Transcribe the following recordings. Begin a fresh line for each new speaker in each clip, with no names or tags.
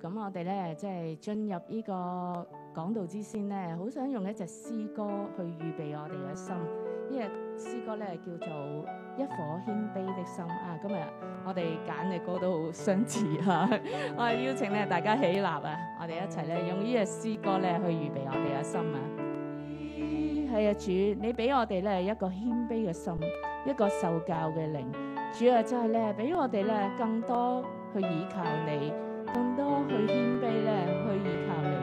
咁我哋咧，即係進入呢個講道之先咧，好想用一隻詩歌去預備我哋嘅心。詩呢隻詩歌咧叫做《一顆謙卑的心》啊。今日我哋揀嘅歌都好相似啊。 我哋邀請咧大家起立啊！我哋一齊咧用詩呢隻詩歌咧去預備我哋嘅心啊。係啊，主，你俾我哋咧一個謙卑嘅心，一個受教嘅靈。主啊，真係咧俾我哋咧更多去依靠你。更多去謙卑咧，去依靠你，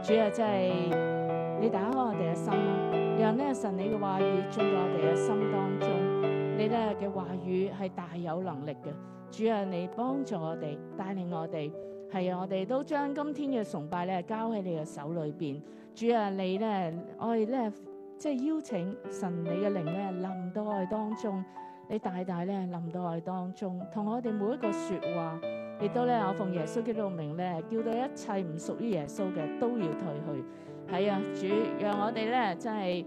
主啊！真係你打開我哋嘅心，讓呢，神你嘅話語進到我哋嘅心當中。你咧嘅話語係大有能力嘅，主啊！你幫助我哋，帶領我哋，係啊，我哋都將今天嘅崇拜咧交喺你嘅手裏邊。主啊！你咧，我哋咧，即係邀請神你嘅靈咧臨到我哋當中，你大大咧臨到我哋當中，同我哋每一個說話。亦都咧，我奉耶穌基督名咧，叫到一切唔屬於耶穌嘅都要退去。係啊，主讓我哋咧真係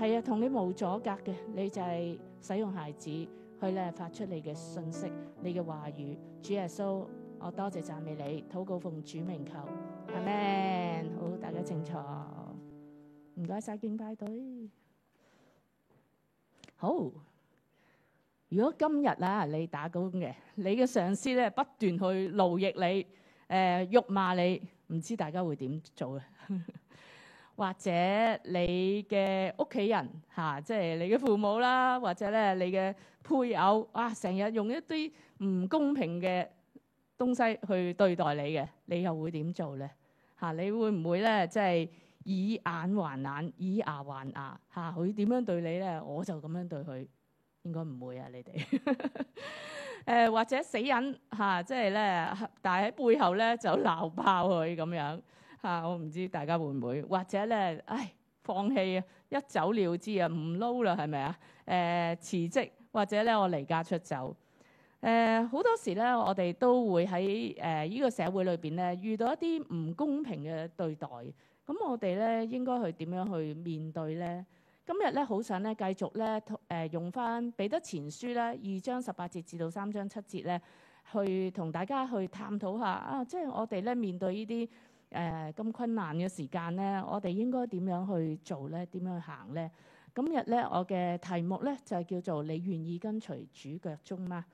係啊，同你冇阻隔嘅，你就係使用孩子去咧發出你嘅信息，你嘅話語。主耶穌，我多謝讚美你，禱告奉主名求，阿門。好，大家請坐，唔該晒，敬拜隊，好。如果今日啦，你打工嘅，你嘅上司咧不斷去勞役你，誒、呃、辱罵你，唔知大家會點做咧、 啊？或者你嘅屋企人嚇，即係你嘅父母啦，或者咧你嘅配偶，哇、啊，成日用一啲唔公平嘅東西去對待你嘅，你又會點做咧？嚇、啊，你會唔會咧即係以眼還眼，以牙還牙？嚇、啊，佢點樣對你咧，我就咁樣對佢。應該唔會啊！你哋誒、 呃、或者死人，嚇、啊，即係咧，但係喺背後咧就鬧爆佢咁樣嚇、啊。我唔知大家會唔會，或者咧，唉，放棄啊，一走了之啊，唔撈啦，係咪啊？誒、呃、辭職，或者咧，我離家出走。誒、呃、好多時咧，我哋都會喺誒呢個社會裏邊咧，遇到一啲唔公平嘅對待。咁我哋咧應該去點樣去面對咧？今日咧，好想咧，繼續咧，誒、呃，用翻彼得前書咧，二章十八節至到三章七節咧，去同大家去探討下啊，即係我哋咧面對呢啲誒咁困難嘅時間咧，我哋應該點樣去做咧？點樣去行咧？今日咧，我嘅題目咧就係叫做你願意跟隨主腳蹤嗎？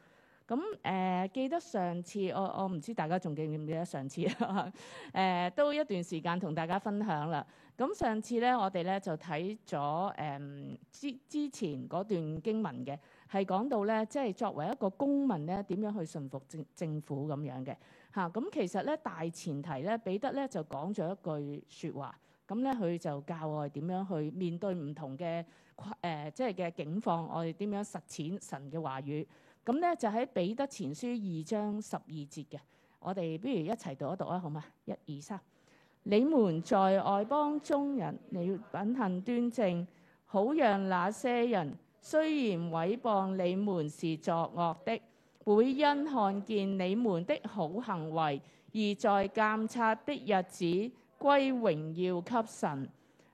咁誒、嗯呃，記得上次我我唔知大家仲記唔記得上次誒、 呃，都一段時間同大家分享啦。咁上次咧，我哋咧就睇咗誒之之前嗰段經文嘅，係講到咧，即係作為一個公民咧，點樣去順服政政府咁樣嘅吓，咁、嗯、其實咧，大前提咧，彼得咧就講咗一句說話，咁咧佢就教我哋點樣去面對唔同嘅誒、呃、即係嘅境況，我哋點樣實踐神嘅話語，咁咧就喺彼得前書二章十二節嘅，我哋不如一齊讀一讀啊，好嗎？一二三。你們在外邦中人，你要品行端正，好讓那些人雖然毀謗你們是作惡的，會因看見你們的好行為，而在監察的日子歸榮耀給神。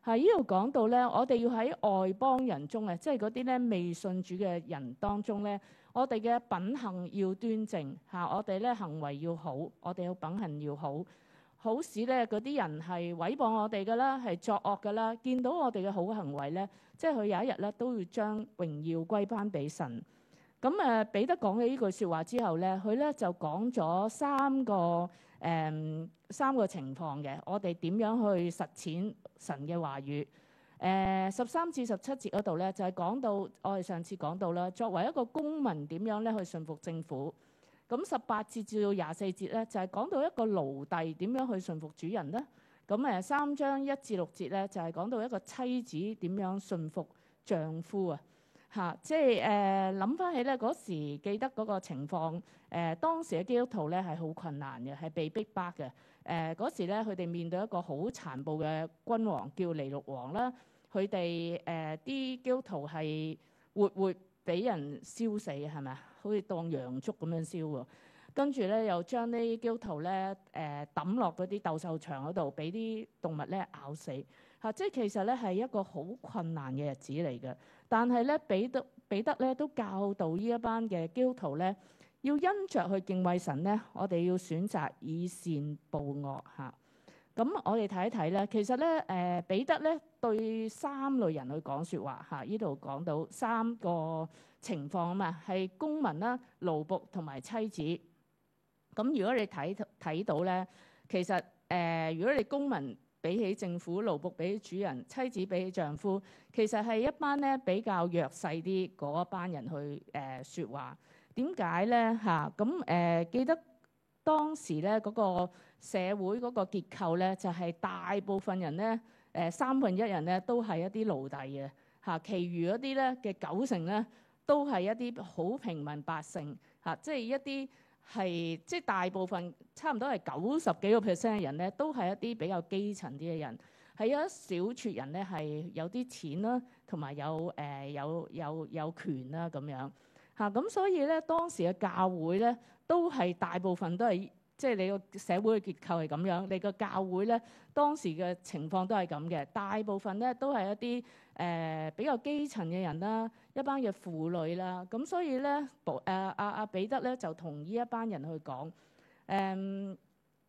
係呢度講到呢，我哋要喺外邦人中啊，即係嗰啲咧未信主嘅人當中呢，我哋嘅品行要端正，嚇、啊、我哋咧行為要好，我哋要品行要好。好事咧，嗰啲人係毀謗我哋噶啦，係作惡噶啦。見到我哋嘅好行為咧，即係佢有一日咧都要將榮耀歸翻俾神。咁、嗯、誒，彼得講嘅呢句説話之後咧，佢咧就講咗三個誒、嗯、三個情況嘅，我哋點樣去實踐神嘅話語。誒十三至十七節嗰度咧，就係、是、講到我哋上次講到啦，作為一個公民點樣咧去信服政府。咁十八節至到廿四節咧，就係、是、講到一個奴隸點樣去順服主人咧。咁誒三章一至六節咧，就係、是、講到一個妻子點樣順服丈夫啊。嚇、啊，即係誒諗翻起咧，嗰時記得嗰個情況誒、呃，當時嘅基督徒咧係好困難嘅，係被逼迫嘅。誒、呃、嗰時咧，佢哋面對一個好殘暴嘅君王，叫尼祿王啦。佢哋誒啲基督徒係活活俾人燒死，係咪啊？好似當洋燭咁樣燒喎，跟住咧又將啲基督徒咧誒抌落嗰啲鬥獸場嗰度，俾啲動物咧咬死嚇、啊，即係其實咧係一個好困難嘅日子嚟嘅。但係咧彼得彼得咧都教導呢一班嘅基督徒咧，要因着去敬畏神咧，我哋要選擇以善報惡嚇。啊。咁我哋睇一睇咧，其實咧，誒彼得咧對三類人去講説話嚇，呢度講到三個情況啊嘛，係公民啦、奴僕同埋妻子。咁如果你睇睇到咧，其實誒，如果你公民俾起政府，奴僕俾起主人，妻子俾丈夫，其實係一班咧比較弱勢啲嗰一班人去誒説話。點解咧嚇？咁誒記得當時咧嗰個。社會嗰個結構咧，就係、是、大部分人咧，誒、呃、三分一人咧，都係一啲奴隸嘅嚇，其餘嗰啲咧嘅九成咧，都係一啲好平民百姓嚇，即、啊、係、就是、一啲係即係大部分差唔多係九十幾個 percent 嘅人咧，都係一啲比較基層啲嘅人，係有一小撮人咧係有啲錢啦，同埋有誒、呃、有有有，有權啦咁樣嚇，咁、啊、所以咧當時嘅教會咧，都係大部分都係。即係你個社會嘅結構係咁樣，你個教會咧當時嘅情況都係咁嘅，大部分咧都係一啲誒、呃、比較基層嘅人啦，一班嘅婦女啦，咁所以咧，保誒阿阿彼得咧就同呢一班人去講，誒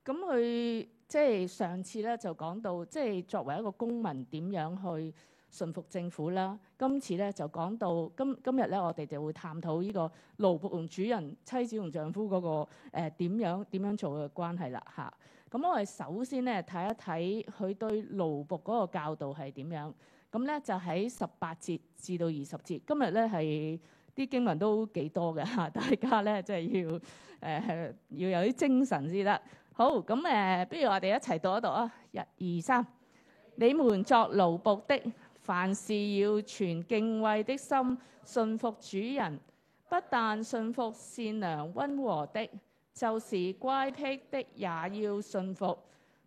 咁佢即係上次咧就講到，即係作為一個公民點樣去。順服政府啦。今次咧就講到今今日咧，我哋就會探討呢個奴僕同主人、妻子同丈夫嗰、那個誒點、呃、樣點樣做嘅關係啦。嚇、啊，咁我哋首先咧睇一睇佢對奴僕嗰個教導係點樣。咁、嗯、咧就喺十八節至到二十節。今日咧係啲經文都幾多㗎嚇、啊，大家咧即係要誒、呃、要有啲精神先得。好，咁誒，不、呃、如我哋一齊讀一讀啊！一、二、三，你們作奴僕的。凡事要存敬畏的心，順服主人。不但順服善良溫和的，就是乖僻的也要順服。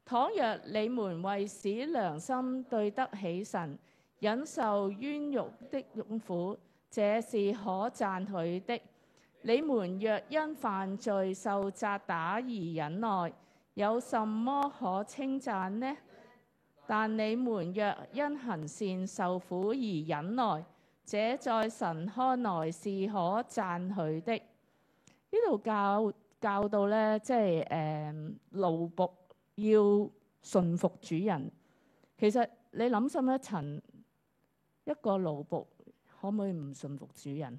倘若你們為使良心對得起神，忍受冤屈的辱苦，這是可讚許的。你們若因犯罪受責打而忍耐，有什麼可稱讚呢？但你們若因行善受苦而忍耐，這在神看來是可讚許的。呢度教教到咧，即係誒奴僕要順服主人。其實你諗深一層，一個奴僕可唔可以唔順服主人？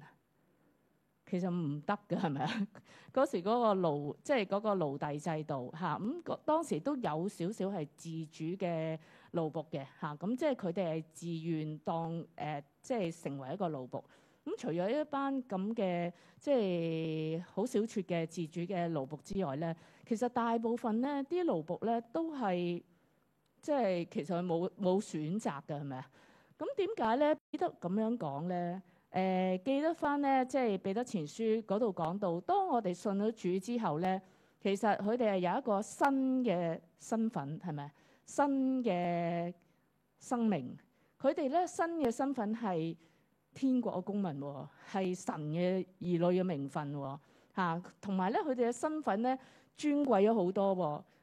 其實唔得㗎係咪啊？嗰 時嗰個奴，即係嗰個奴隸制度嚇，咁、啊嗯、當時都有少少係自主嘅奴僕嘅嚇，咁即係佢哋係自願當誒，即係、呃、成為一個奴僕。咁、嗯、除咗一班咁嘅，即係好少撮嘅自主嘅奴僕之外咧，其實大部分咧啲奴僕咧都係，即係其實佢冇冇選擇㗎係咪啊？咁點解咧？得、嗯、咁樣講咧？誒、呃、記得翻咧，即係彼得前書嗰度講到，當我哋信咗主之後咧，其實佢哋係有一個新嘅身份，係咪？新嘅生命，佢哋咧新嘅身份係天國嘅公民喎、啊，係神嘅兒女嘅名分喎、啊，同埋咧佢哋嘅身份咧尊貴咗好多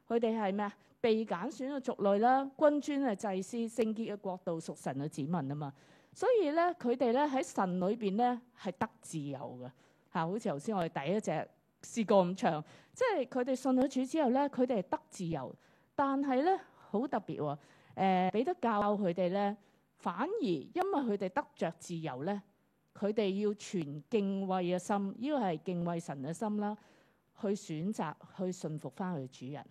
喎，佢哋係咩啊？被揀選嘅族類啦、啊，君尊嘅祭司，聖潔嘅國度，屬神嘅子民啊嘛。所以咧，佢哋咧喺神裏邊咧係得自由嘅，嚇、啊，好似頭先我哋第一隻試過咁長，即係佢哋信咗主之後咧，佢哋係得自由，但係咧好特別喎、哦，誒俾得教佢哋咧，反而因為佢哋得着自由咧，佢哋要全敬畏嘅心，呢個係敬畏神嘅心啦，去選擇去信服翻佢主人，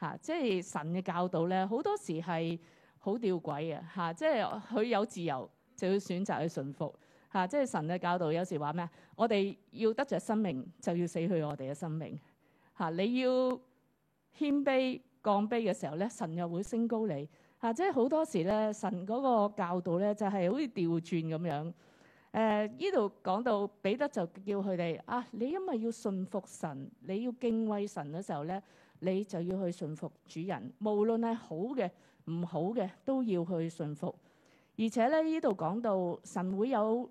嚇、啊，即係神嘅教導咧，好多時係好吊詭嘅，嚇、啊，即係佢有自由。就要選擇去順服，嚇、啊！即係神嘅教導，有時話咩？我哋要得着生命，就要死去我哋嘅生命，嚇、啊！你要謙卑降卑嘅時候咧，神又會升高你，嚇、啊！即係好多時咧，神嗰個教導咧，就係、是、好似調轉咁樣。誒、呃，呢度講到彼得就叫佢哋啊，你因為要順服神，你要敬畏神嘅時候咧，你就要去順服主人，無論係好嘅、唔好嘅，都要去順服。而且咧，呢度講到神會有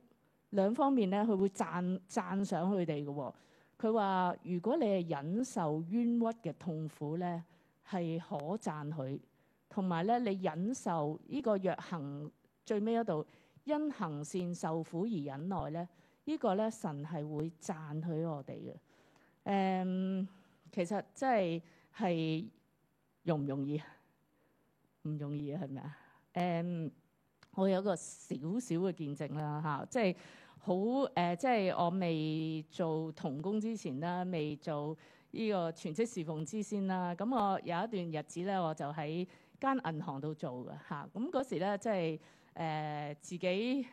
兩方面咧，佢會讚讚賞佢哋嘅。佢話、哦：如果你係忍受冤屈嘅痛苦咧，係可讚許；同埋咧，你忍受呢個若行最尾一度因行善受苦而忍耐咧，這個、呢個咧，神係會讚許我哋嘅。誒、嗯，其實真係係容唔容易？唔容易啊，係咪啊？誒。我有個少少嘅見證啦嚇、啊，即係好誒，即係我未做同工之前啦，未做呢個全職侍奉之先啦。咁、啊、我有一段日子咧，我就喺間銀行度做嘅嚇。咁、啊、嗰時咧，即係誒、呃、自己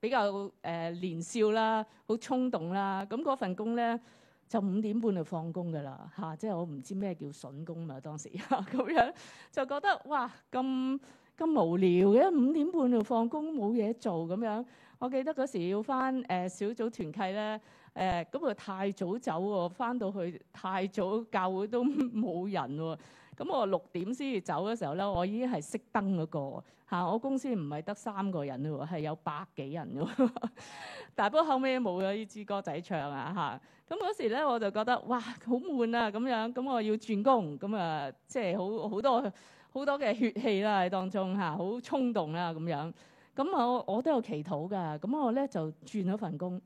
比較誒、呃、年少啦，好衝動啦。咁嗰份工咧就五點半就放工嘅啦嚇，即係我唔知咩叫筍工嘛當時。咁、啊、樣就覺得哇咁～咁無聊嘅，五點半就放工冇嘢做咁樣。我記得嗰時要返誒、呃、小組團契咧，誒、呃、咁我太早走喎、哦，返到去太早教會都冇人喎、哦。咁我六點先至走嘅時候咧，我已經係熄燈嗰個、啊、我公司唔係得三個人喎，係有百幾人㗎。 但不過後尾冇咗呢支歌仔唱啊嚇。咁、啊、嗰時咧我就覺得哇好悶啊咁樣，咁我要轉工咁啊，即係好好多。好多嘅血氣啦，當中嚇好、啊、衝動啦、啊、咁樣。咁、啊、我我都有祈禱㗎。咁、啊、我咧就轉咗份工。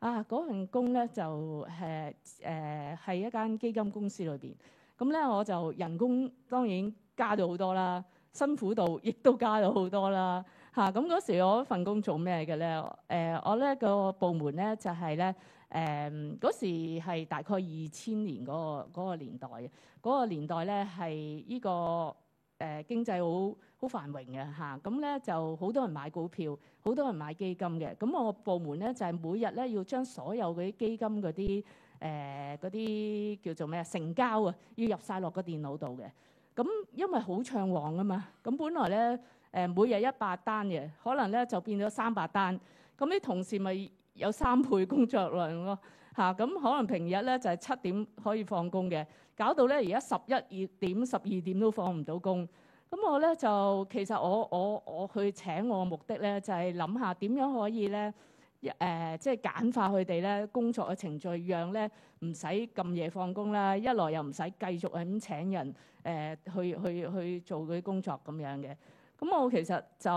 啊，嗰份工咧就誒誒係一間基金公司裏邊。咁、啊、咧我就人工當然加咗好多啦，辛苦度亦都加咗好多啦。嚇咁嗰時我份工做咩嘅咧？誒、啊、我咧、呢個部門咧就係咧誒嗰時係大概二千年嗰、嗰個嗰個年代。嗰、嗰個年代咧係呢、呢個。誒經濟好好繁榮嘅嚇，咁、啊、咧就好多人買股票，好多人買基金嘅。咁、啊、我部門咧就係、是、每日咧要將所有嗰啲基金嗰啲誒啲叫做咩啊成交啊，要入晒落個電腦度嘅。咁、啊、因為好暢旺啊嘛，咁、啊、本來咧誒、啊、每日一百單嘅，可能咧就變咗三百單。咁、啊、啲同事咪有三倍工作量咯、啊、嚇。咁、啊啊啊、可能平日咧就係、是、七點可以放工嘅。搞到咧，而家十一二點、十二點都放唔到工。咁我咧就其實我我我去請我嘅目的咧就係諗下點樣可以咧誒，即係簡化佢哋咧工作嘅程序，讓咧唔使咁夜放工啦。一來又唔使繼續咁請人誒去去去做嗰啲工作咁樣嘅。咁我其實就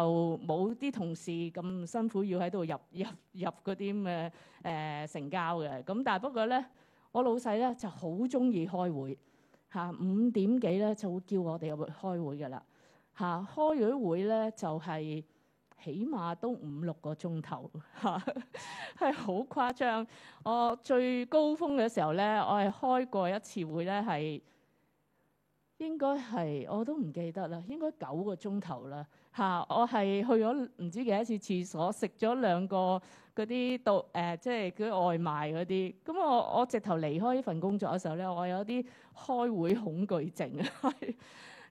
冇啲同事咁辛苦要喺度入入入嗰啲咁嘅誒成交嘅。咁但係不過咧。我老細咧就好中意開會，嚇、啊、五點幾咧就會叫我哋去開會嘅啦，嚇、啊、開咗會咧就係、是、起碼都五六個鐘頭，嚇，係好誇張。我最高峰嘅時候咧，我係開過一次會咧係。應該係，我都唔記得啦。應該九個鐘頭啦，嚇、啊！我係去咗唔知幾多次廁所，食咗兩個嗰啲到誒，即係佢外賣嗰啲。咁、嗯、我我直頭離開呢份工作嘅時候咧，我有啲開會恐懼症啊。係、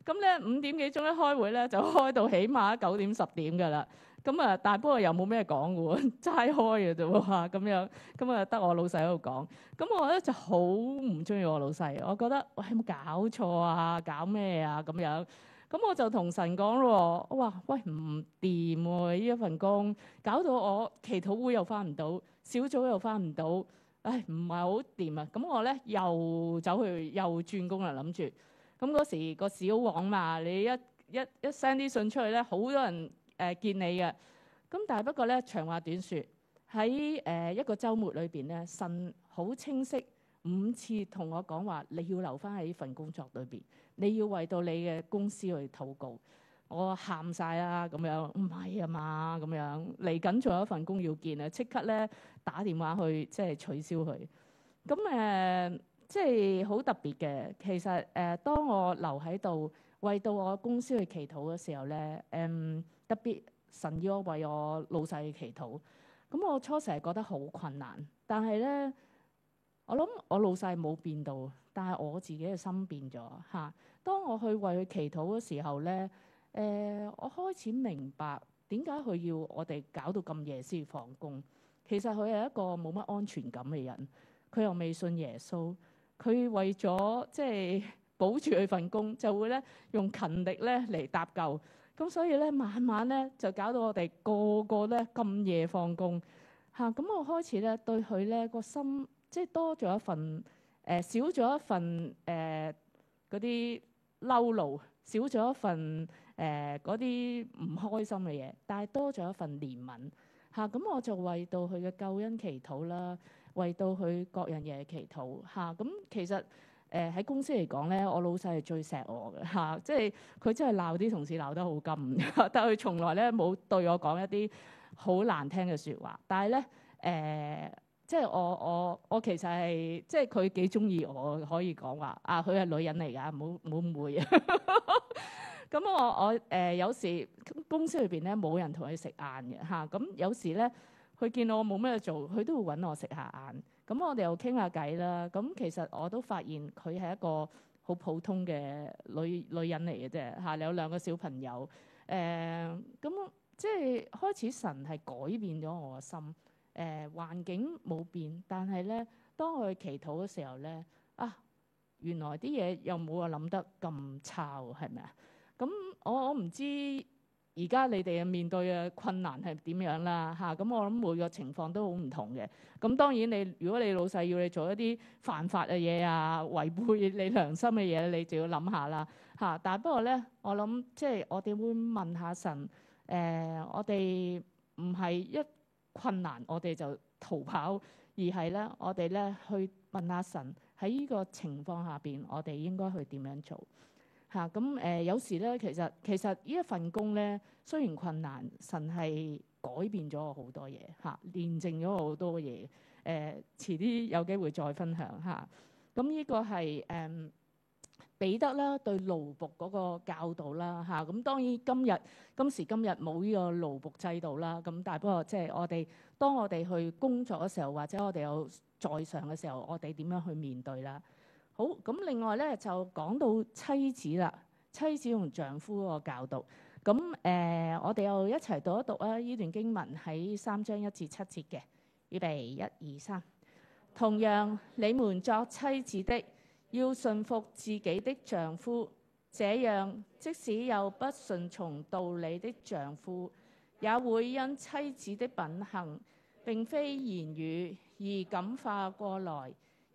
咁咧、嗯嗯、五點幾鐘一開會咧，就開到起碼九點十點㗎啦。咁啊！大波又冇咩講喎，齋開嘅啫喎嚇，咁樣咁啊，得我老細喺度講。咁我咧就好唔中意我老細，我覺得喂有冇搞錯啊，搞咩啊咁樣？咁我就同神講咯，我話喂唔掂喎，依、啊、一份工搞到我祈禱會又翻唔到，小組又翻唔到，唉，唔係好掂啊！咁我咧又走去又轉工啦，諗住。咁嗰時個小王嘛，你一一一 send 啲信出去咧，好多人。誒見你嘅，咁但係不過咧，長話短説，喺誒一個週末裏邊咧，神好清晰五次同我講話，你要留翻喺呢份工作裏邊，你要為到你嘅公司去禱告。我喊晒啦，咁樣唔係啊嘛？咁樣嚟緊仲有一份工要見啊，即刻咧打電話去即係取消佢。咁誒、呃、即係好特別嘅，其實誒、呃、當我留喺度為到我公司去祈禱嘅時候咧，嗯、呃。特別神要我為我老細祈禱，咁我初時係覺得好困難，但係咧，我諗我老細冇變到，但係我自己嘅心變咗嚇、啊。當我去為佢祈禱嘅時候咧，誒、呃，我開始明白點解佢要我哋搞到咁夜先放工。其實佢係一個冇乜安全感嘅人，佢又未信耶穌，佢為咗即係保住佢份工，就會咧用勤力咧嚟搭救。咁所以咧，慢慢咧就搞到我哋個個咧咁夜放工嚇。咁我開始咧對佢咧個心，即係多咗一份誒、呃，少咗一份誒嗰啲嬲怒，少咗一份誒嗰啲唔開心嘅嘢。但係多咗一份憐憫嚇。咁我就為到佢嘅救恩祈禱啦，為到佢各樣嘢祈禱嚇。咁其實～誒喺、呃、公司嚟講咧，我老細係最錫我嘅嚇、啊，即係佢真係鬧啲同事鬧得好勁、啊，但佢從來咧冇對我講一啲好難聽嘅説話。但係咧誒，即係我我我其實係即係佢幾中意我可以講話啊，佢係女人嚟㗎，唔好唔好誤會。咁 我我誒、呃、有時公司裏邊咧冇人同佢食晏嘅嚇，咁、啊、有時咧佢見到我冇咩做，佢都會揾我食下晏。咁我哋又傾下偈啦。咁其實我都發現佢係一個好普通嘅女女人嚟嘅啫。吓，你有兩個小朋友誒，咁、呃、即係開始神係改變咗我嘅心誒、呃。環境冇變，但係咧，當我祈禱嘅時候咧啊，原來啲嘢又冇我諗得咁差喎，係咪啊？咁我我唔知。而家你哋嘅面對嘅困難係點樣啦？嚇、嗯，咁我諗每個情況都好唔同嘅。咁、嗯、當然你，如果你老細要你做一啲犯法嘅嘢啊、違背你良心嘅嘢，你就要諗下啦。嚇、嗯，但不過咧，我諗即係我哋會問下神。誒、呃，我哋唔係一困難我哋就逃跑，而係咧我哋咧去問下神喺呢個情況下邊，我哋應該去點樣做？嚇、咁誒，有時咧，其實其實依一份工咧，雖然困難，神係改變咗我好多嘢，嚇、啊，煉淨咗我好多嘢誒、呃。遲啲有機會再分享嚇。咁、啊、呢個係誒彼得啦，對奴僕嗰個教導啦嚇。咁、啊、當然今日今時今日冇呢個奴僕制度啦。咁但係不過即係、就是、我哋當我哋去工作嘅時候，或者我哋有在上嘅時候，我哋點樣去面對啦？好咁，另外咧就講到妻子啦，妻子同丈夫嗰個教導。咁誒、呃，我哋又一齊讀一讀啊！呢段經文喺三章一至七節嘅，預備一二三。同樣，你們作妻子的，要順服自己的丈夫，這樣即使有不順從道理的丈夫，也會因妻子的品行並非言語而感化過來。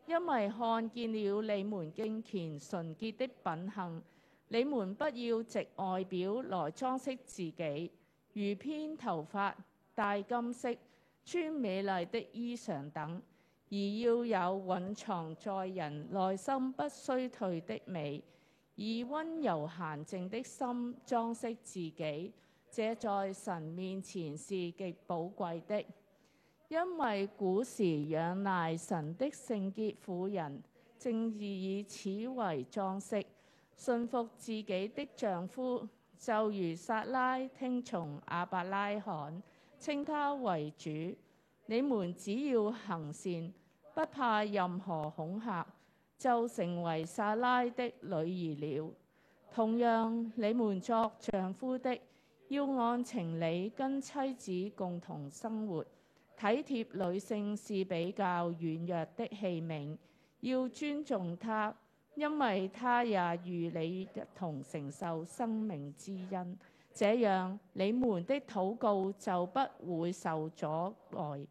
因為看見了你們敬虔純潔的品行，你們不要藉外表來裝飾自己，如編頭髮、戴金飾、穿美麗的衣裳等，而要有蘊藏在人內心不衰退的美，以温柔閒靜的心裝飾自己，這在神面前是極寶貴的。因為古時仰賴神的聖潔婦人，正義以此為裝飾，順服自己的丈夫，就如撒拉聽從亞伯拉罕，稱他為主。你們只要行善，不怕任何恐嚇，就成為撒拉的女兒了。同樣，你們作丈夫的，要按情理跟妻子共同生活。體貼女性是比較軟弱的器皿，要尊重她，因為她也與你一同承受生命之恩。這樣你們的禱告就不會受阻礙。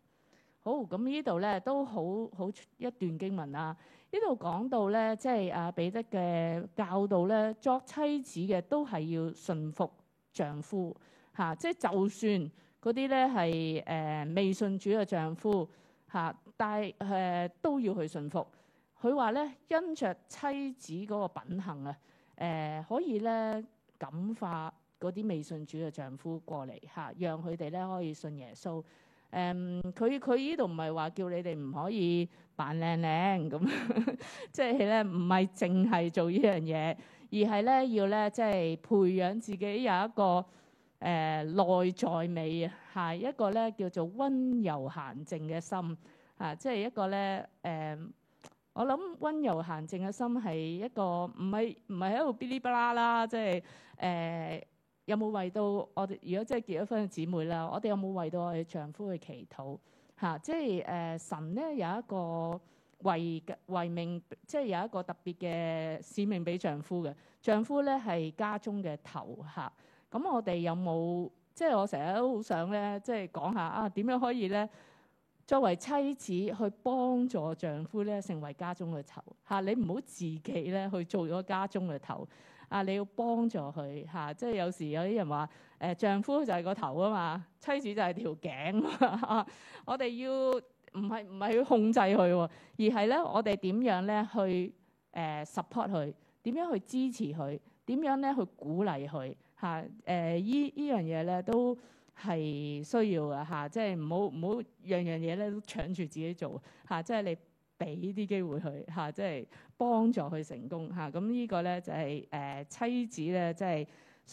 好，咁呢度咧都好好一段經文啦。呢度講到咧，即係阿彼得嘅教導咧，作妻子嘅都係要順服丈夫，嚇、啊，即係就算。嗰啲咧係誒未信主嘅丈夫嚇、啊，但係誒、呃、都要去順服。佢話咧，因着妻子嗰個品行啊，誒、呃、可以咧感化嗰啲未信主嘅丈夫過嚟嚇、啊，讓佢哋咧可以信耶穌。誒、嗯，佢佢依度唔係話叫你哋唔可以扮靚靚咁，即係咧唔係淨係做呢樣嘢，而係咧要咧即係培養自己有一個。誒、呃、內在美係、啊、一個咧叫做温柔閒靜嘅心，嚇、啊，即係一個咧誒、呃。我諗温柔閒靜嘅心係一個唔係唔係喺度嗶哩吧啦啦，即係誒有冇為到我哋？如果即係結咗婚嘅姊妹啦，我哋有冇為到我哋丈夫去祈禱嚇、啊？即係誒、呃、神咧有一個為嘅為命，即係有一個特別嘅使命俾丈夫嘅。丈夫咧係家中嘅頭客。啊。咁、嗯、我哋有冇即係我成日都好想咧，即係講下啊，點樣可以咧作為妻子去幫助丈夫咧成為家中嘅頭嚇、啊？你唔好自己咧去做咗家中嘅頭啊！你要幫助佢嚇、啊，即係有時有啲人話誒、呃，丈夫就係個頭啊嘛，妻子就係條頸啊嘛！我哋要唔係唔係要控制佢喎、哦，而係咧我哋點樣咧去誒、呃、support 佢，點樣去支持佢，點樣咧去鼓勵佢。嚇誒，依依樣嘢咧都係需要嘅嚇、啊，即係唔好唔好樣樣嘢咧都搶住自己做嚇、啊，即係你俾啲機會佢嚇、啊，即係幫助佢成功嚇。咁、啊這個、呢個咧就係、是、誒、呃、妻子咧，即、就、係、是、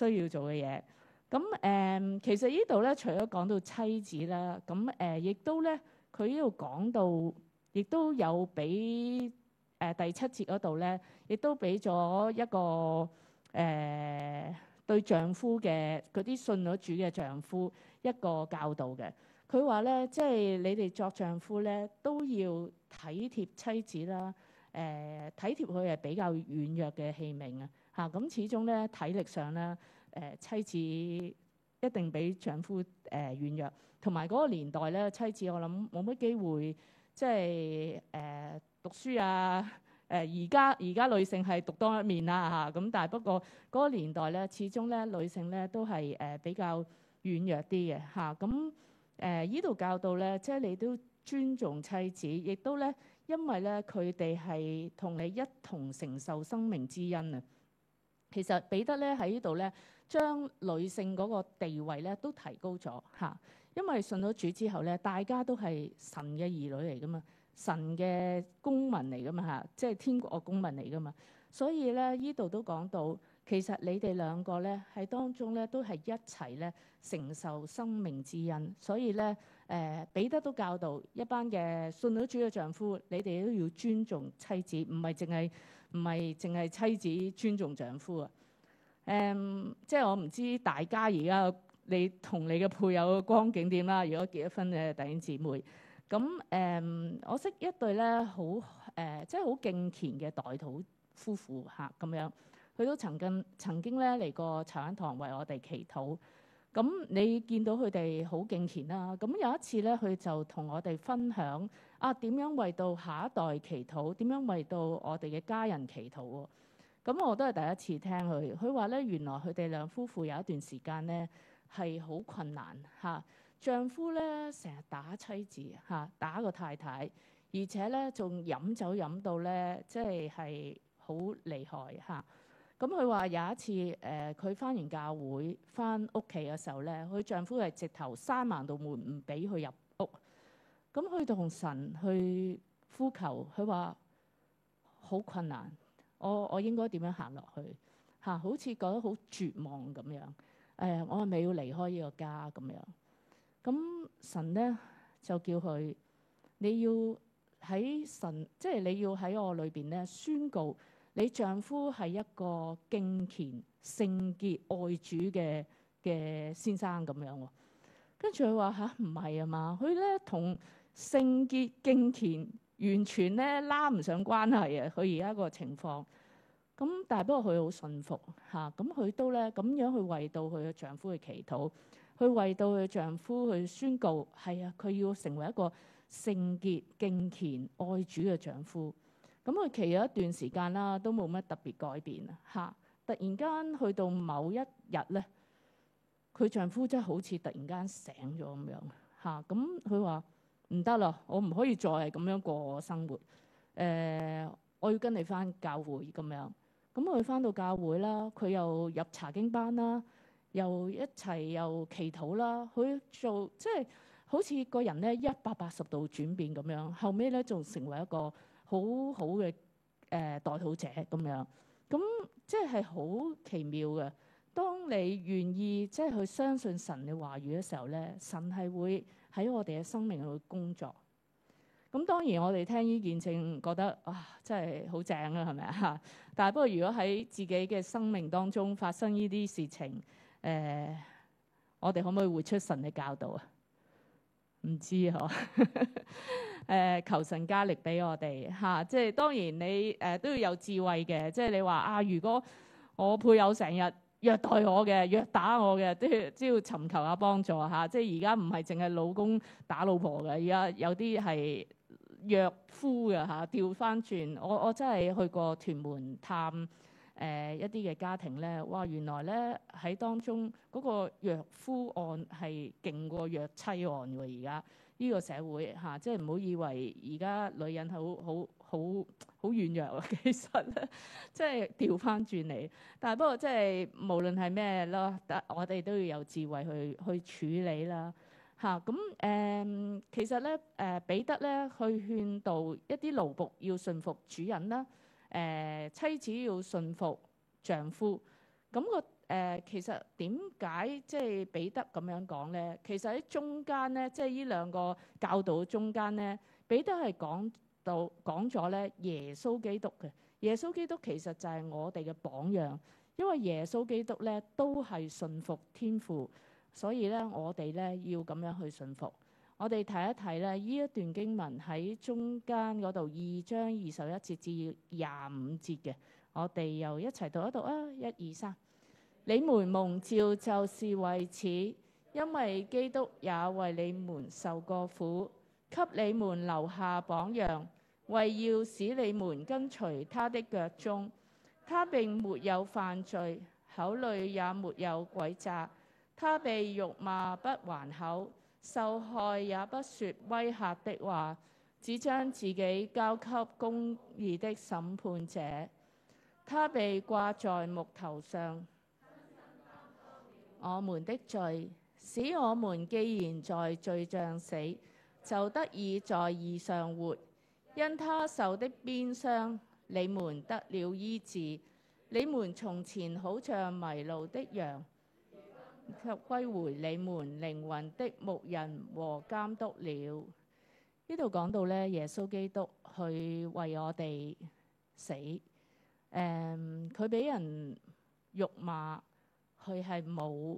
需要做嘅嘢。咁誒、呃，其實呢度咧，除咗講到妻子啦，咁誒亦都咧，佢呢度講到，亦都有俾誒、呃、第七節嗰度咧，亦都俾咗一個誒。呃對丈夫嘅嗰啲信咗主嘅丈夫一個教導嘅，佢話咧，即係你哋作丈夫咧都要體貼妻子啦，誒、呃、體貼佢係比較軟弱嘅器皿啊，嚇、啊、咁始終咧體力上咧，誒、呃、妻子一定比丈夫誒、呃、軟弱，同埋嗰個年代咧，妻子我諗冇乜機會即係誒、呃、讀書啊。誒，而家而家女性係獨當一面啦嚇，咁、啊、但係不過嗰個年代咧，始終咧女性咧都係誒、呃、比較軟弱啲嘅嚇。咁誒依度教導咧，即係你都尊重妻子，亦都咧因為咧佢哋係同你一同承受生命之恩啊。其實彼得咧喺呢度咧，將女性嗰個地位咧都提高咗嚇、啊，因為信咗主之後咧，大家都係神嘅兒女嚟噶嘛。神嘅公民嚟噶嘛嚇，即係天國嘅公民嚟噶嘛，所以咧呢度都講到，其實你哋兩個咧喺當中咧都係一齊咧承受生命之恩，所以咧誒彼得都教導一班嘅信咗主嘅丈夫，你哋都要尊重妻子，唔係淨係唔係淨係妻子尊重丈夫啊。誒、嗯，即係我唔知大家而家你同你嘅配偶嘅光景點啦，如果結咗婚嘅弟兄姊妹。咁誒、嗯，我識一對咧好誒、呃，即係好敬虔嘅代禱夫婦嚇咁、啊、樣，佢都曾經曾經咧嚟過茶館堂為我哋祈禱。咁你見到佢哋好敬虔啦。咁有一次咧，佢就同我哋分享啊，點樣為到下一代祈禱？點樣為到我哋嘅家人祈禱？咁、啊、我都係第一次聽佢。佢話咧，原來佢哋兩夫婦有一段時間咧係好困難嚇。啊丈夫咧成日打妻子吓，打個太太，而且咧仲飲酒飲到咧，即係係好厲害吓。咁佢話有一次誒，佢、呃、翻完教會翻屋企嘅時候咧，佢丈夫係直頭閂埋道門唔俾佢入屋。咁佢同神去呼求，佢話好困難，我我應該點樣行落去吓、啊，好似覺得好絕望咁樣誒、呃，我係咪要離開呢個家咁樣。咁神咧就叫佢，你要喺神，即係你要喺我裏邊咧宣告，你丈夫係一個敬虔、聖潔、愛主嘅嘅先生咁樣喎。跟住佢話吓，唔係啊嘛，佢咧同聖潔、敬虔完全咧拉唔上關係啊！佢而家個情況，咁但係不過佢好信服嚇，咁佢都咧咁樣去為到佢嘅丈夫去祈禱。佢為到佢丈夫去宣告係啊，佢要成為一個聖潔敬虔愛主嘅丈夫。咁佢期有一段時間啦，都冇乜特別改變啊。突然間去到某一日咧，佢丈夫真係好似突然間醒咗咁樣嚇。咁佢話唔得啦，我唔可以再係咁樣過生活。誒、呃，我要跟你返教會咁樣。咁佢返到教會啦，佢又入查經班啦。又一齊又祈禱啦，佢做即係好似個人咧一百八十度轉變咁樣，後尾咧仲成為一個好好嘅誒代禱者咁樣。咁即係好奇妙嘅。當你願意即係去相信神嘅話語嘅時候咧，神係會喺我哋嘅生命裏工作。咁當然我哋聽呢見證覺得啊真係好正啊，係咪啊？ 但係不過如果喺自己嘅生命當中發生呢啲事情，誒、呃，我哋可唔可以活出神嘅教導啊？唔知嗬。誒、 呃，求神加力俾我哋嚇。即係當然你誒、呃、都要有智慧嘅。即係你話啊，如果我配偶成日虐待我嘅、虐打我嘅，都要都要尋求下幫助嚇。即係而家唔係淨係老公打老婆嘅，而家有啲係虐夫嘅嚇。調翻轉，我我真係去過屯門探。誒、呃、一啲嘅家庭咧，哇！原來咧喺當中嗰、那個虐夫案係勁過虐妻案喎！而家呢個社會嚇、啊，即係唔好以為而家女人好好好好軟弱啊！其實咧，即係調翻轉嚟，但係不過即、就、係、是、無論係咩咯，我哋都要有智慧去去處理啦嚇。咁、啊、誒、嗯，其實咧誒彼得咧去勸導一啲奴僕要順服主人啦。誒、呃、妻子要順服丈夫，咁、那個誒其實點解即係彼得咁樣講咧？其實喺中間咧，即係呢兩個教導中間咧，彼得係講到講咗咧耶穌基督嘅。耶穌基督其實就係我哋嘅榜樣，因為耶穌基督咧都係順服天父，所以咧我哋咧要咁樣去順服。我哋睇一睇呢，依一段經文喺中間嗰度二章二十一節至廿五節嘅，我哋又一齊讀一讀啊，一二三，你們蒙召就是為此，因為基督也為你們受過苦，給你們留下榜樣，為要使你們跟隨他的腳蹤。他並沒有犯罪，口裏也沒有詭詐，他被辱罵不還口。受害也不説威嚇的話，只將自己交給公義的審判者。他被掛在木頭上，我們的罪使我們既然在罪上死，就得以在義上活。因他受的鞭傷，你們得了醫治；你們從前好像迷路的羊。卻歸回你們靈魂的牧人和監督了。呢度講到咧，耶穌基督佢為我哋死。誒、嗯，佢俾人辱罵，佢係冇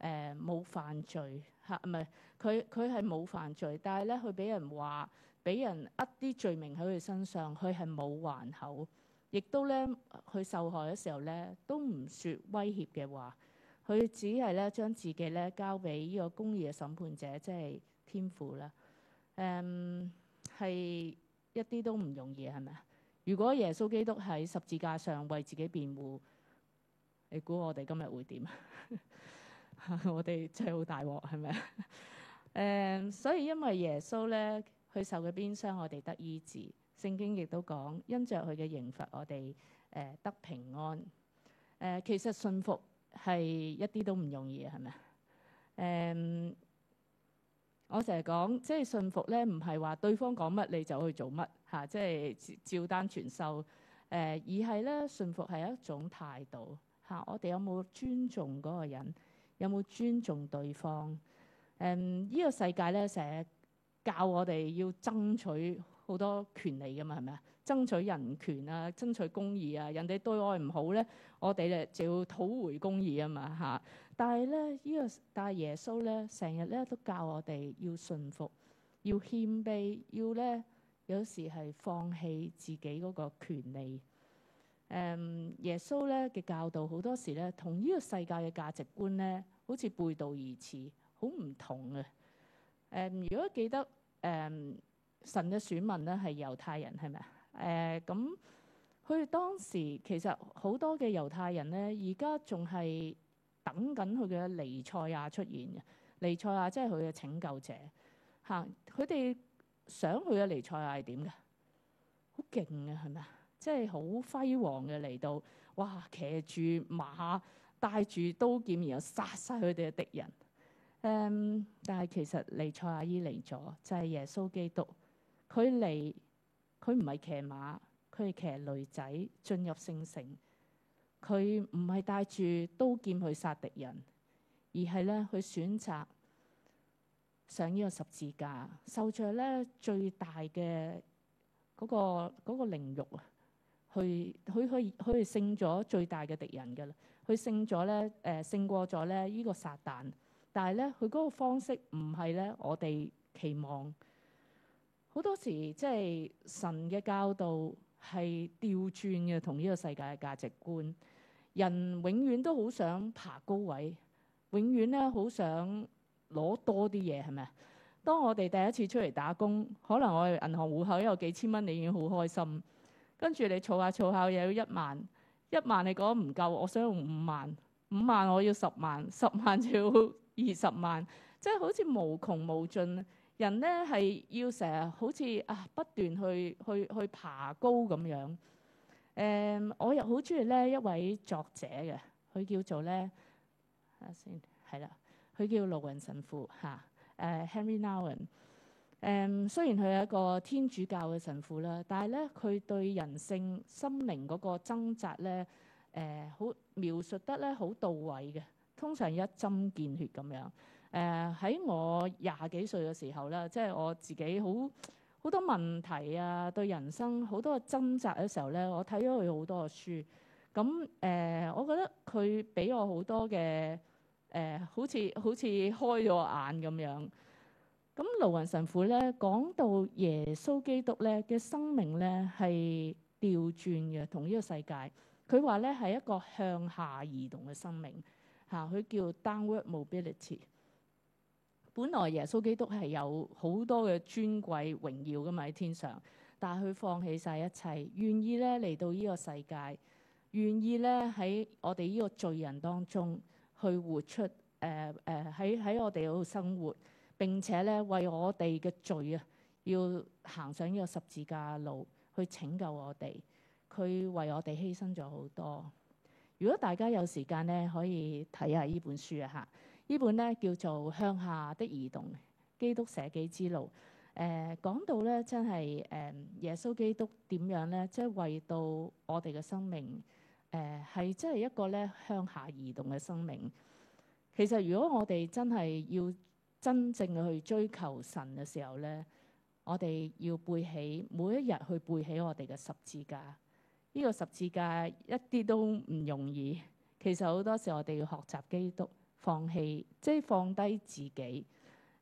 誒冇犯罪嚇，唔係佢，佢係冇犯罪，但係咧佢俾人話，俾人呃啲罪名喺佢身上，佢係冇還口，亦都咧佢受害嘅時候咧，都唔説威脅嘅話。佢只係咧將自己咧交俾呢個公義嘅審判者，即係天父啦。誒、嗯，係一啲都唔容易，係咪？如果耶穌基督喺十字架上為自己辯護，你估我哋今日會點？ 我哋真係好大鑊，係咪？誒、嗯，所以因為耶穌咧，佢受嘅鞭傷，我哋得醫治。聖經亦都講，因着佢嘅刑罰，我哋誒得平安。誒、嗯，其實信服。係一啲都唔容易嘅，係咪？誒、uh，我成日講，即係順服咧，唔係話對方講乜你就去做乜嚇、啊，即係照單全收誒，而係咧順服係一種態度嚇、啊。我哋有冇尊重嗰個人？有冇尊重對方？誒、啊，依、這個世界咧成日教我哋要爭取好多權利㗎嘛，係咪？爭取人權啊，爭取公義啊！人哋對我唔好咧，我哋咧就要討回公義嘛啊嘛嚇。但係咧，這個、呢個但係耶穌咧，成日咧都教我哋要順服，要謙卑，要咧有時係放棄自己嗰個權利。誒、嗯，耶穌咧嘅教導好多時咧，同呢個世界嘅價值觀咧，好似背道而馳，好唔同啊。誒、嗯，如果記得誒、嗯、神嘅選民咧係猶太人係咪啊？誒咁，佢哋、嗯、當時其實好多嘅猶太人咧，而家仲係等緊佢嘅尼賽亞出現嘅。尼賽亞即係佢嘅拯救者，嚇，佢哋想佢嘅尼賽亞係點㗎？好勁呀係咪啊？即係好輝煌嘅嚟到，哇！騎住馬，帶住刀劍，然後殺晒佢哋嘅敵人。誒、嗯，但係其實尼賽亞伊嚟咗，就係、是、耶穌基督，佢嚟。佢唔係騎馬，佢係騎驢仔進入聖城。佢唔係帶住刀劍去殺敵人，而係咧佢選擇上呢個十字架，受着咧最大嘅嗰個嗰個凌辱啊，去佢佢佢係勝咗最大嘅敵人㗎啦。佢勝咗咧誒勝過咗咧呢個撒但，但係咧佢嗰個方式唔係咧我哋期望。好多時即係神嘅教導係調轉嘅，同呢個世界嘅價值觀。人永遠都好想爬高位，永遠咧好想攞多啲嘢，係咪啊？當我哋第一次出嚟打工，可能我哋銀行戶口有幾千蚊，你已經好開心。跟住你儲下儲下，又要一萬，一萬你覺得唔夠，我想用五萬，五萬我要十萬，十萬就要二十萬，即係好似無窮無盡。人咧係要成日好似啊不斷去去去爬高咁樣。誒、嗯，我又好中意咧一位作者嘅，佢叫做咧睇下先係啦，佢叫盧雲神父吓誒、啊、，Henri Nouwen。誒、嗯，雖然佢係一個天主教嘅神父啦，但係咧佢對人性心靈嗰個掙扎咧，誒、呃、好描述得咧好到位嘅，通常一針見血咁樣。誒喺、uh, 我廿幾歲嘅時候咧，即係我自己好好多問題啊，對人生好多嘅掙扎嘅時候咧，我睇咗佢好多嘅書咁誒，uh, 我覺得佢俾我多、uh, 好多嘅誒，好似好似開咗眼咁樣。咁盧雲神父咧講到耶穌基督咧嘅生命咧係調轉嘅，同呢個世界佢話咧係一個向下移動嘅生命嚇，佢、啊、叫 downward mobility。本來耶穌基督係有好多嘅尊貴榮耀㗎嘛喺天上，但係佢放棄晒一切，願意咧嚟到呢個世界，願意咧喺我哋呢個罪人當中去活出誒誒喺喺我哋度生活，並且咧為我哋嘅罪啊，要行上呢個十字架路去拯救我哋，佢為我哋犧牲咗好多。如果大家有時間咧，可以睇下呢本書啊吓。呢本咧叫做《向下的移動》，基督捨己之路。誒、呃、講到咧，真係誒、呃、耶穌基督點樣咧，即係為到我哋嘅生命誒，係、呃、真係一個咧向下移動嘅生命。其實如果我哋真係要真正去追求神嘅時候咧，我哋要背起每一日去背起我哋嘅十字架。呢、這個十字架一啲都唔容易。其實好多時我哋要學習基督。放棄，即係放低自己。誒、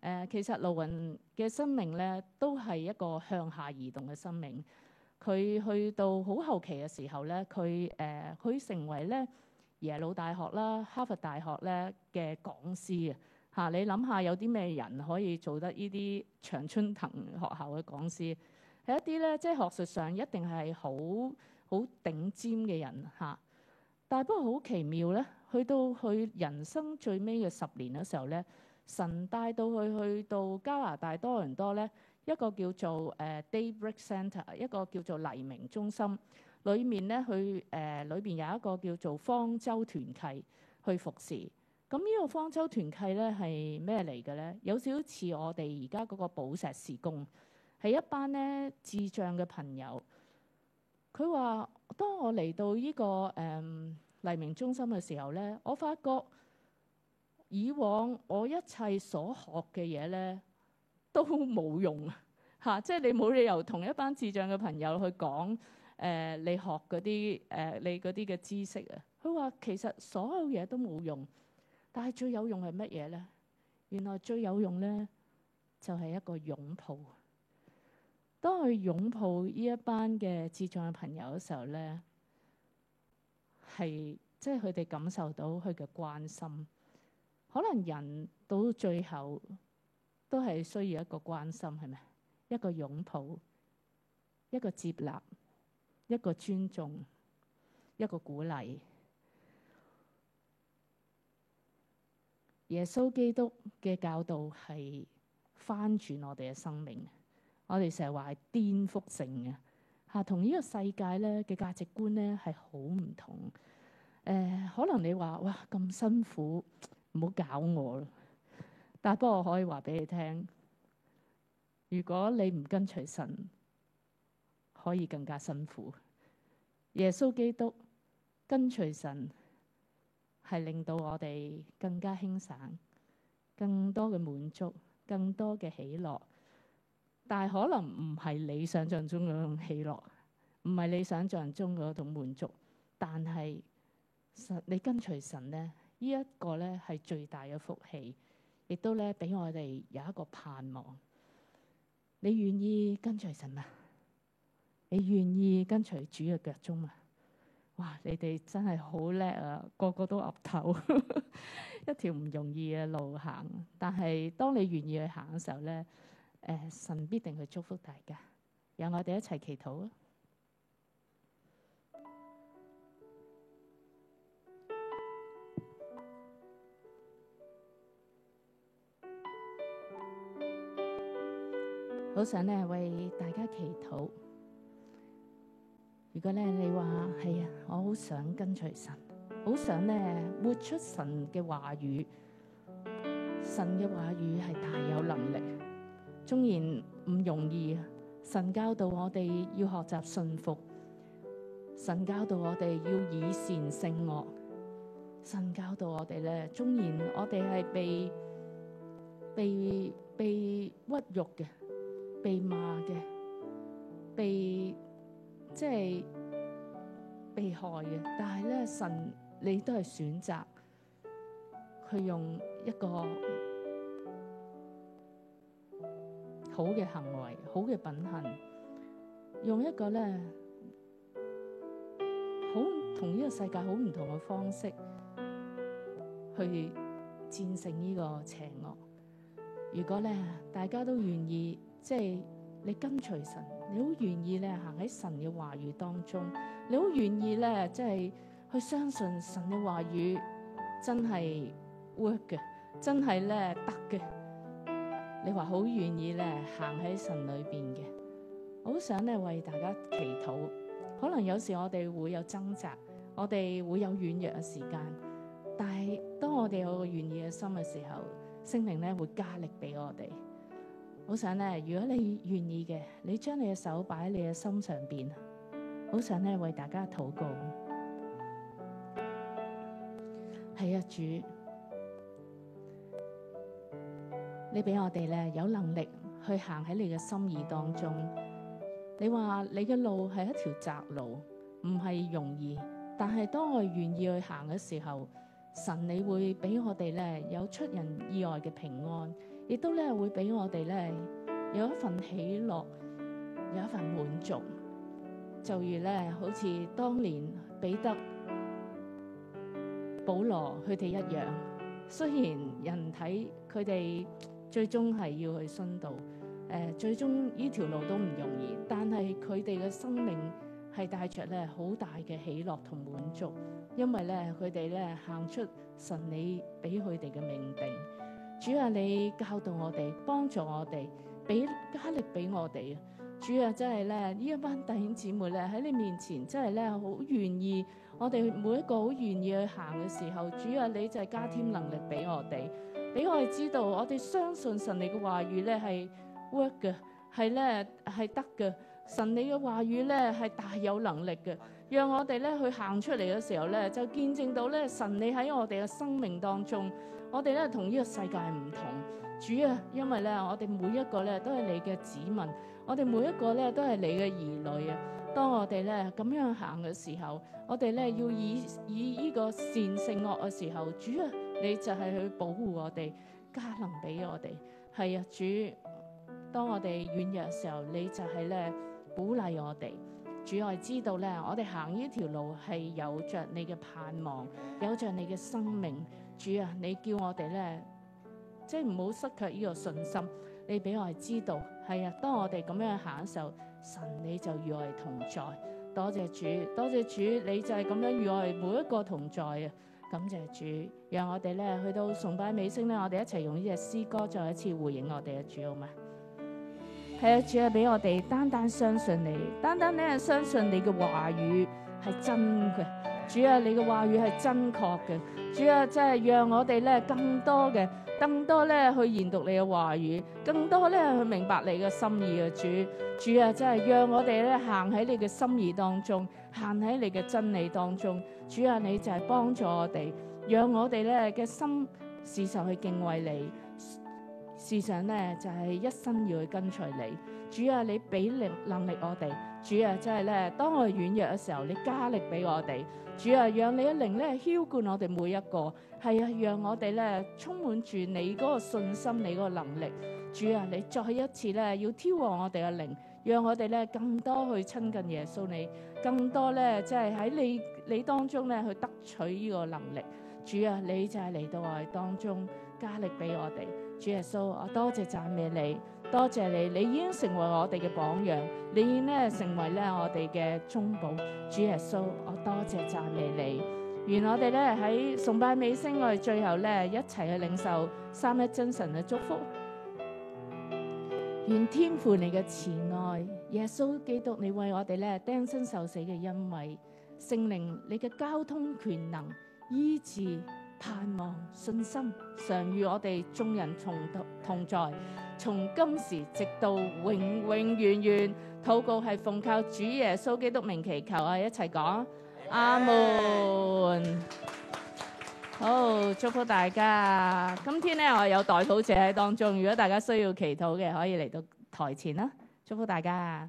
呃，其實盧雲嘅生命咧，都係一個向下移動嘅生命。佢去到好後期嘅時候咧，佢誒佢成為咧耶魯大學啦、哈佛大學咧嘅講師啊。嚇，你諗下有啲咩人可以做得呢啲長春藤學校嘅講師？係一啲咧，即係學術上一定係好好頂尖嘅人嚇、啊。但係不過好奇妙咧。去到佢人生最尾嘅十年嘅時候咧，神帶到佢去到加拿大多倫多咧，一個叫做誒、呃、Daybreak Center，一個叫做黎明中心，裏面咧去誒裏邊有一個叫做方舟團契去服侍。咁呢個方舟團契咧係咩嚟嘅咧？有少少似我哋而家嗰個寶石事工，係一班咧智障嘅朋友。佢話：當我嚟到呢、呢個誒。嗯黎明中心嘅時候咧，我發覺以往我一切所學嘅嘢咧都冇用嚇， 即係你冇理由同一班智障嘅朋友去講誒、呃、你學嗰啲誒你嗰啲嘅知識啊。佢 話其實所有嘢都冇用，但係最有用係乜嘢咧？原來最有用咧就係一個擁抱。當佢擁抱呢一班嘅智障嘅朋友嘅時候咧。係，即係佢哋感受到佢嘅關心，可能人到最後都係需要一個關心，係咪？一個擁抱，一個接納，一個尊重，一個鼓勵。耶穌基督嘅教導係翻轉我哋嘅生命，我哋成日話係顛覆性嘅。同呢個世界嘅價值觀咧係好唔同。呃，可能你話哇，咁辛苦，唔好搞我啦。但係，不過我可以話俾你聽，如果你唔跟隨神，可以更加辛苦。耶穌基督跟隨神係令到我哋更加輕省，更多嘅滿足，更多嘅喜樂。但係可能唔係你想象中嗰種喜樂，唔係你想象中嗰種滿足。但係神，你跟隨神咧，這個、呢一個咧係最大嘅福氣，亦都咧俾我哋有一個盼望。你願意跟隨神啊？你願意跟隨主嘅腳蹤啊？哇！你哋真係好叻啊！個個都岌頭， 一條唔容易嘅路行。但係當你願意去行嘅時候咧。誒，神必定去祝福大家，讓我哋一齊祈禱咯。好 想咧為大家祈禱。如果咧你話係啊，我好想跟隨神，好想咧活出神嘅話語。神嘅話語係大有能力。縱然唔容易，神教導我哋要學習信服，神教導我哋要以善勝惡，神教導我哋咧，縱然我哋係被被被屈辱嘅，被罵嘅，被即係、就是、被害嘅。但係咧，神你都係選擇去用一個。好嘅行為，好嘅品行，用一個咧好同呢個世界好唔同嘅方式去戰勝呢個邪惡。如果咧大家都願意，即係你跟隨神，你好願意咧行喺神嘅話語當中，你好願意咧即係去相信神嘅話語真係 work 嘅，真係咧得嘅。你話好願意咧行喺神裏邊嘅，好想咧為大家祈禱。可能有時我哋會有掙扎，我哋會有軟弱嘅時間，但係當我哋有個願意嘅心嘅時候，聖靈咧會加力俾我哋。好想咧，如果你願意嘅，你將你嘅手擺喺你嘅心上邊，好想咧為大家禱告。係啊，主。你俾我哋咧有能力去行喺你嘅心意當中。你話你嘅路係一條窄路，唔係容易。但係當我願意去行嘅時候，神你會俾我哋咧有出人意外嘅平安，亦都咧會俾我哋咧有一份喜樂，有一份滿足。就如咧好似當年彼得、保羅佢哋一樣，雖然人睇佢哋，最終係要去殉道，誒、呃，最終呢條路都唔容易，但係佢哋嘅生命係帶着咧好大嘅喜樂同滿足，因為咧佢哋咧行出神咧俾佢哋嘅命定。主啊，你教導我哋，幫助我哋，俾加力俾我哋啊！主啊，真係咧，呢一班弟兄姊妹咧喺你面前，真係咧好願意，我哋每一個好願意去行嘅時候，主啊，你就係加添能力俾我哋。畀我哋知道，我哋相信神你嘅話語咧係 work 嘅，係得嘅。神你嘅話語咧係大有能力嘅，讓我哋咧去行出嚟嘅時候咧，就見證到咧神你喺我哋嘅生命當中，我哋咧同呢個世界唔同。主啊，因為咧我哋每一個咧都係你嘅子民，我哋每一個咧都係你嘅兒女啊。當我哋咧咁樣行嘅時候，我哋咧要以以呢個善勝惡嘅時候，主啊！你就係去保護我哋，加能俾我哋，係啊主，當我哋軟弱嘅時候，你就係咧鼓勵我哋。主，我知道咧，我哋行呢條路係有着你嘅盼望，有着你嘅生命。主啊，你叫我哋咧，即係唔好失去呢個信心。你俾我係知道，係啊，當我哋咁樣行嘅時候，神你就與我哋同在。多謝主，多謝主，你就係咁樣與我哋每一個同在啊！感謝主，讓我哋咧去到崇拜尾聲咧，我哋一齊用呢隻詩歌再一次回應我哋嘅主，好嗎？係啊，主啊，俾我哋單單相信你，單單咧相信你嘅話語係真嘅，主啊，你嘅話語係真確嘅，主啊，即係讓我哋咧更多嘅。更多咧去研讀你嘅話語，更多咧去明白你嘅心意啊！主，主啊，真、就、係、是、讓我哋咧行喺你嘅心意當中，行喺你嘅真理當中。主啊，你就係幫助我哋，讓我哋咧嘅心時常去敬畏你，時常咧就係、是、一生要去跟隨你。主啊，你俾力能力我哋。主啊，即係咧，當我哋軟弱嘅時候，你加力俾我哋。主啊，讓你嘅靈呢，澆灌我哋每一個，係啊，讓我哋呢，充滿住你嗰個信心，你嗰個能力。主啊，你再一次呢，要挑旺我哋嘅靈，讓我哋呢，更多去親近耶穌你，更多呢，即係喺你你當中呢，去得取呢個能力。主啊，你就係嚟到我哋當中加力俾我哋。主耶穌，我多謝讚美你。多謝你，你已經成為我哋嘅榜樣，你已經呢成為咧我哋嘅中保，主耶穌，我多謝讚美你。願我哋咧喺崇拜尾聲，我哋最後咧一齊去領受三一真神嘅祝福。願天父你嘅慈愛，耶穌基督你為我哋咧釘身受死嘅恩惠，聖靈你嘅交通權能、醫治、盼望、信心，常與我哋眾人同同在。從今時直到永永遠遠，禱告係奉靠主耶穌基督名祈求啊！一齊講阿門。好，祝福大家。今天呢我有代禱者喺當中，如果大家需要祈禱嘅，可以嚟到台前啦。祝福大家。